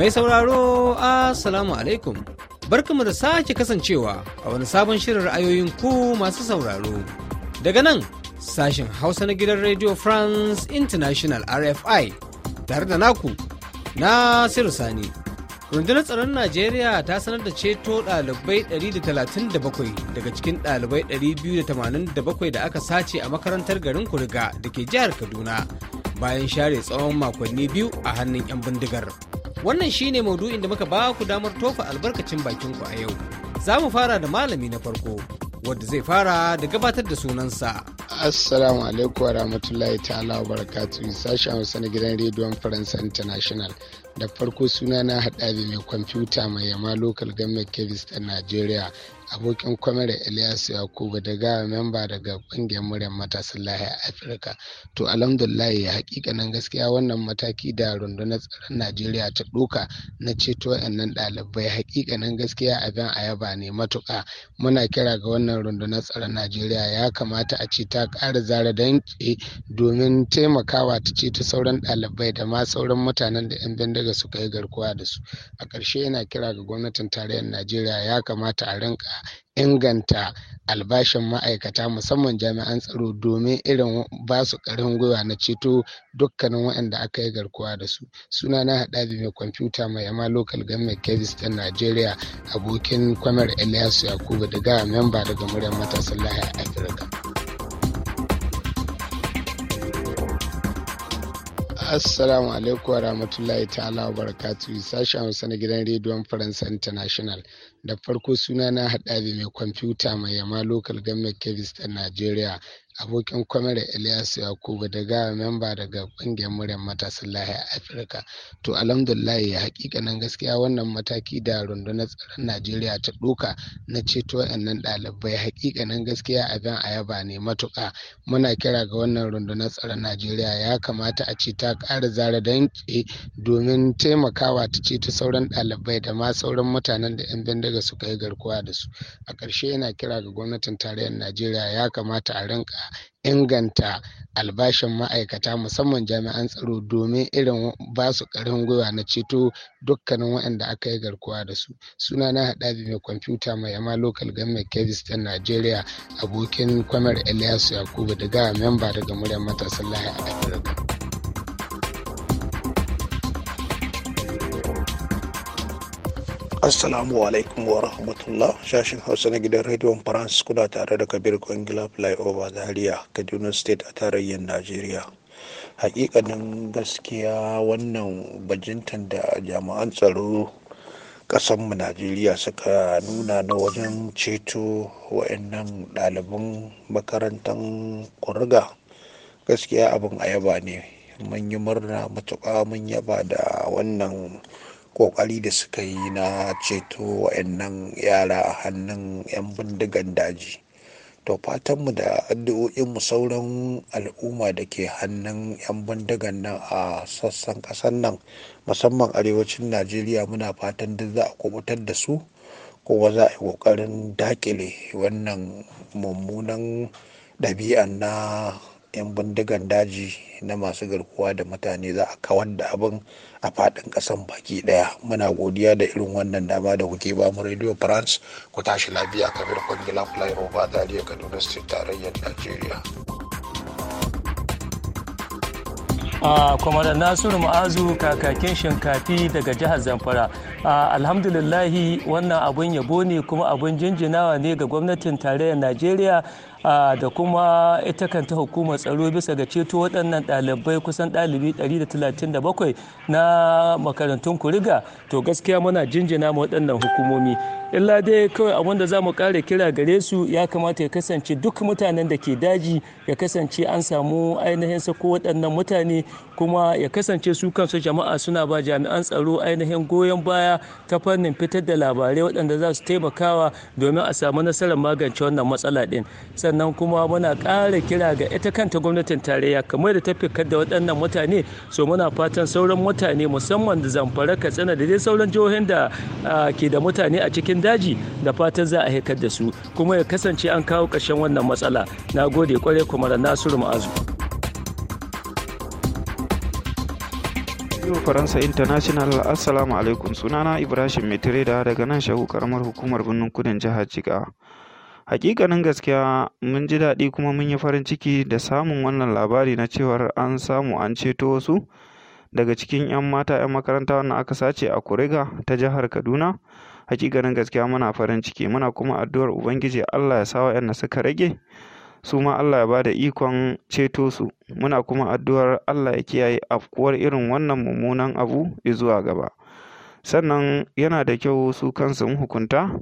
Mai sauraro Assalamu alaikum. Barkamu da sake kasancewa a wani sabon shirin ra'ayoyin ku masu sauraro. Daga nan sashen Hausa na gidan Radio France International RFI tare da naku na Sani. rundunar tsaron najeriya ta sanar da ceto ɗalibai 137 daga cikin ɗalibai 287 da aka sace a makarantar garin kuriga da ke jihar kaduna bayan share tsawon makonni biyu a hannun 'yan bindigar wannan shine maudu'in da muka ba ku damar tofa albarkacin bakin ku a yau za mu fara da malami na farko wadda zai fara da gabatar da sunansa assalamu alaikum wa rahmatullahi ta'ala wa barakatuhu sashen hausa na gidan rediyon faransa international da farko sunana na haɗari mai kwamfuta mai yama local government kebis ta nigeria abokin Kwamere Ilyasu Yakubu da gawa memba daga kungiyar muryar matasan lahiyar Afirka. To hakika hakikanin gaskiya wannan mataki da rundunar tsaron Najeriya ta duka na ceto nan ɗalibai hakikanin gaskiya abin a yaba ne matuƙa. Muna kira ga wannan rundunar tsaron Najeriya ya kamata a ce ta ƙara zara danke domin taimakawa ta ceto sauran ɗalibai da ma sauran mutanen da 'yan bindiga suka yi garkuwa da su. A ƙarshe yana kira ga gwamnatin tarayyar Najeriya ya kamata a rinka inganta albashin ma'aikata musamman jami'an tsaro domin irin ba su karin gwiwa na ceto dukkanin waɗanda aka yi garkuwa da su suna na haɗa mai kwamfuta mai yama local government kebis ta nigeria abokin kwamar elias yakubu daga memba daga muryar matasan a afirka Assalamu alaikum wa rahmatullahi ta'ala wa barakatuhu sashen Hausa na gidan rediyon Faransa International. da farko suna sunana haɗari mai kwamfuta mai yama local government kebis ta nigeria abokin kwamar elias yakubu gawa memba daga ƙungiyar muryar matasan a afirka to alhamdulillah ya hakikanin gaskiya wannan mataki da rundunar tsaron najeriya ta ɗoka na ceto wayannan ɗalibai hakikanin gaskiya abin a yaba ne matuƙa muna kira ga wannan rundunar tsaron najeriya ya kamata a ce ta ƙara zara don domin taimakawa ta ceto sauran ɗalibai da ma sauran mutanen da 'yan bindiga da suka yi garkuwa da su. A ƙarshe yana kira ga gwamnatin tarayyar Najeriya ya kamata a rinka inganta albashin ma'aikata musamman jami'an tsaro domin irin ba su ƙarin gwiwa na ceto dukkanin waɗanda aka yi garkuwa da su. Suna na haɗabi mai kwamfuta mai yama local government kebis ta Najeriya abokin kwamar Elias Yakubu daga memba daga muryar matasan lahi a Afirka. Assalamu alaikum wa rahmatullah shashin Hausa na gidan rediyon France kuna tare da Kabir Kwangila Flyover Zaria Kaduna State a tarayyar Najeriya. Hakikanin gaskiya wannan bajintan da jami'an tsaro ƙasanmu Najeriya suka nuna na wajen ceto wa'annan ɗaliban makarantar kurga gaskiya abin ayaba ne mun yi murna matuƙa mun yaba da wannan ƙoƙari da suka yi na ceto wa'annan yara a hannun 'yan bindigan daji to fatanmu da addu'o'inmu sauran al'umma da ke hannun 'yan bindigan nan a sassan ƙasar nan musamman arewacin najeriya muna fatan duk za a kubutar da su kuma za a yi ƙoƙarin dakile wannan mummunan ɗabi'an na 'yan bindigan daji na masu garkuwa da mutane za a kawar da abin a faɗin ƙasan baki ɗaya muna godiya da irin wannan dama da kuke ba mu radio france ku tashi lafiya kamar kwangila flyover a kaduna state tarayyar nigeria a kwamarar nasiru ma'azu kakakin shinkafi daga jihar zamfara alhamdulillahi wannan abun yabo ne kuma abun jinjinawa ne ga gwamnatin tarayyar najeriya da kuma ita kanta hukumar tsaro bisa ga ceto waɗannan ɗalibai kusan ɗalibi 137 na makarantun kuriga to gaskiya muna jinjina ma waɗannan hukumomi illa dai kawai abin da za mu ƙara kira gare su ya kamata ya kasance duk mutanen da ke daji ya kasance an samu ainihin sako waɗannan mutane kuma ya kasance su kansu jama'a suna ba jami'an tsaro ainihin goyon baya ta fannin fitar da labarai waɗanda za su taimakawa domin a samu nasarar magance wannan matsala ɗin sannan kuma muna ƙara kira ga ita kanta gwamnatin tarayya kamar da ta fikar da waɗannan mutane so muna fatan sauran mutane musamman da zamfara katsina da dai sauran jihohin da ke da mutane a cikin daji da fatan za a haikar da su kuma ya kasance an kawo ƙarshen wannan matsala na gode kwarai kuma da nasiru ma'azu. Radio Faransa International Assalamu alaikum sunana Ibrahim Mitreda daga nan shahu karamar hukumar birnin kudin jihar Jigawa. hakikanin gaskiya mun ji daɗi kuma mun yi farin ciki da samun wannan labari na cewar an samu an ceto wasu daga cikin 'yan mata 'yan makaranta wannan aka sace a Kuriga ta jihar Kaduna. hakikanin gaskiya muna farin ciki muna kuma addu'ar Ubangiji Allah ya sa waɗanda suka rage su ma Allah ya ba da ikon ceto su muna kuma addu'ar Allah ya kiyaye afkuwar irin wannan mummunan abu zuwa gaba. Sannan yana da kyau su kansu hukunta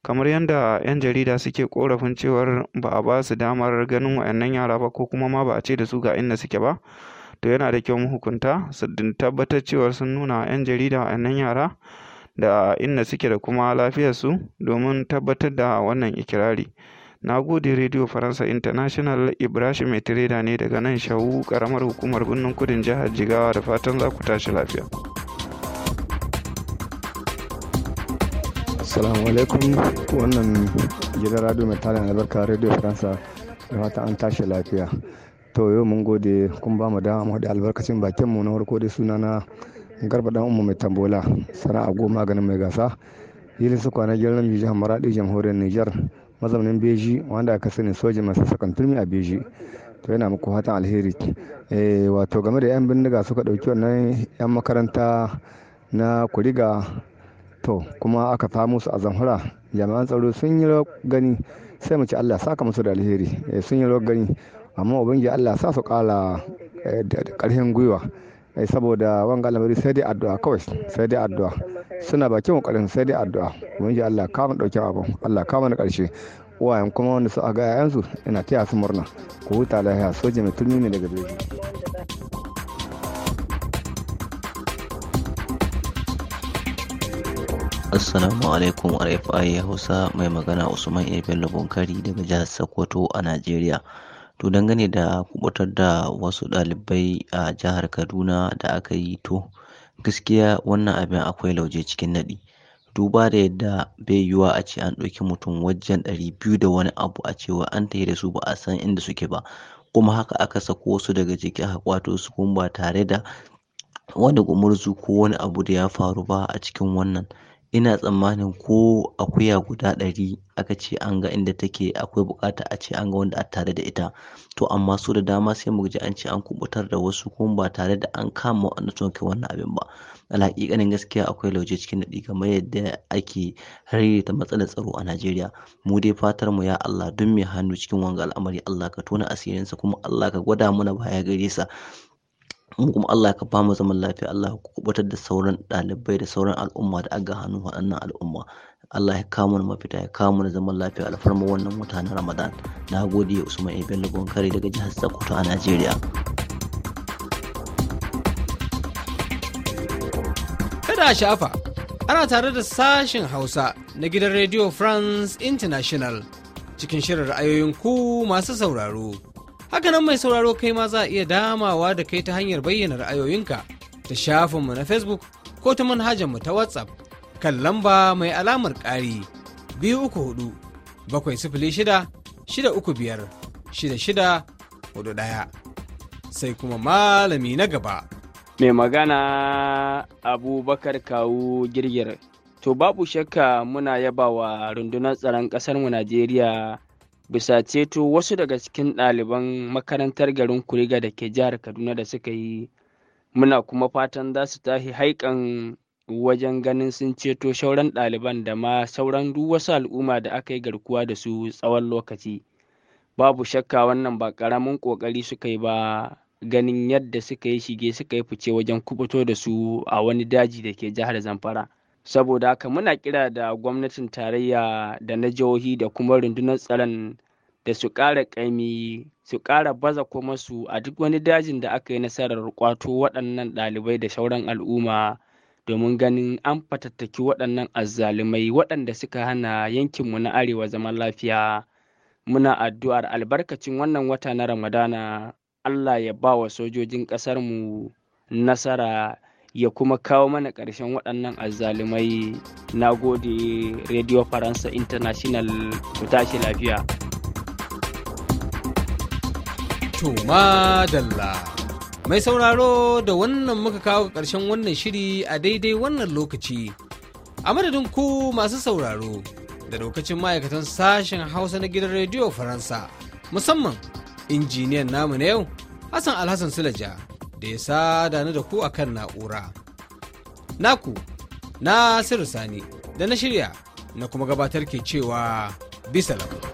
kamar yadda 'yan jarida suke korafin cewar ba a ba su damar ganin wayannan yara ba ko kuma ma ba a ce da su ga inda suke ba to yana da kyau hukunta! su tabbatar cewar sun nuna 'yan jarida wayannan yara da inda suke da kuma lafiyar su domin tabbatar da wannan ikirari na gode radio faransa international ibrahim mai ne daga nan shawu karamar hukumar birnin kudin jihar jigawa da fatan za ku tashi lafiya assalamu alaikum wannan gidan radio mai tarin albarka radio faransa da fatan an tashi lafiya to yau mun gode kun ba mu dama mu haɗa albarkacin bakin mu na farko dai suna na garba dan umma mai tambola sana'a goma ganin mai gasa yilin su kwana gyaran jihar maradi jamhuriyar niger mazaunin beji wanda aka sani soja masu sakan turmi a beji to yana muku hatan alheri eh, wato game da yan bindiga suka ɗauki wannan yan makaranta na kuriga to kuma aka kamo su a zamfara jami'an tsaro sun yi gani sai mu ci allah saka musu da alheri eh, sun yi gani amma ubangiji allah sa su kala karfin eh, gwiwa eh, saboda wanga lamari sai dai addu'a kawai sai dai addu'a suna bakin kokarin sai dai addu'a ubangiji allah kama daukin abu allah kama na karshe uwayen kuma wanda su a ga yayansu ina taya su murna ku huta lafiya soja mai tulmi ne daga birni Assalamu alaikum RFI Hausa mai magana Usman Ebello bunkari daga jihar Sokoto a Najeriya. To dangane da kubutar da wasu ɗalibai a jihar Kaduna da aka yi to gaskiya wannan abin akwai lauje cikin naɗi. Duba da yadda bai yiwuwa a ce an ɗauki mutum wajen ɗari biyu da wani abu a cewa an tafi da su ba a san inda suke ba. Kuma haka aka sako wasu daga jiki aka kwato su kuma ba tare da wani gumurzu ko wani abu da ya faru ba a cikin wannan. ina tsammanin ko akuya guda ɗari aka ce an ga inda take akwai bukata a ce an ga wanda a tare da ita to amma su da dama sai mu ji an ce an kubutar da wasu kuma ba tare da an kama wanda sun kai wannan abin ba alhaƙiƙanin gaskiya akwai lauje cikin daɗi kamar yadda ake ta matsalar tsaro a najeriya mu dai fatar mu ya allah duk mai hannu cikin wanga al'amari allah ka tona asirinsa kuma allah ka gwada mana baya gare sa mu kuma Allah ya ka mu zaman lafiya Allah ya kubutar da sauran ɗalibai da sauran al'umma da aga hannu waɗannan al'umma Allah ya kawo mu mafita ya kawo na zaman lafiya alfarma wannan mutanen Ramadan na gode Usman Ibn kare daga jihar Sokoto a Najeriya kada shafa ana tare da sashen Hausa na gidan Radio France International cikin shirin ra'ayoyin ku masu sauraro Hakanan mai sauraro kai ma za a iya damawa da kai ta hanyar bayyana ra'ayoyinka ta shafinmu na Facebook ko ta manhajarmu ta WhatsApp kan lamba mai alamar ƙari biyu uku hudu bakwai sifili shida shida uku biyar shida shida hudu ɗaya. Sai kuma malami na gaba. Mai magana Abubakar Kawu Girgir. To babu shakka muna yabawa rundunar tsaron ƙasarmu Najeriya bisa ceto wasu daga cikin ɗaliban makarantar garin kuriga da ke jihar kaduna da suka yi muna kuma fatan za su tahi haikan wajen ganin sun ceto sauran ɗaliban da ma sauran duk wasu al'umma da aka yi garkuwa da su tsawon lokaci babu shakka wannan ba ƙaramin ƙoƙari suka yi ba ganin yadda suka yi shige suka yi fice wajen kubuto da su a wani daji da ke jihar zamfara saboda haka muna kira da gwamnatin tarayya da na jihohi da kuma rundunar tsaron da su ƙara ƙaimi su ƙara baza kuma su a duk wani dajin da aka yi nasarar kwato waɗannan ɗalibai da sauran al'umma domin ganin an fatattaki waɗannan azzalumai waɗanda suka hana yankinmu na arewa zaman lafiya muna addu'ar albarkacin wannan wata na ramadana allah ya ba wa sojojin ƙasarmu nasara ya kuma kawo mana ƙarshen waɗannan azzalumai na gode radio faransa international ku tashi lafiya Tuma Dalla Mai sauraro da wannan muka kawo ƙarshen wannan shiri a daidai wannan lokaci. A madadin ku masu sauraro da lokacin ma'aikatan sashen Hausa na gidan Rediyo Faransa, musamman injiniyan namu na yau, Hassan Alhassan Sulaja. da ya sada na da ku a kan na'ura. Naku, na Sani, da na shirya na kuma gabatar ke cewa bisa lafiya.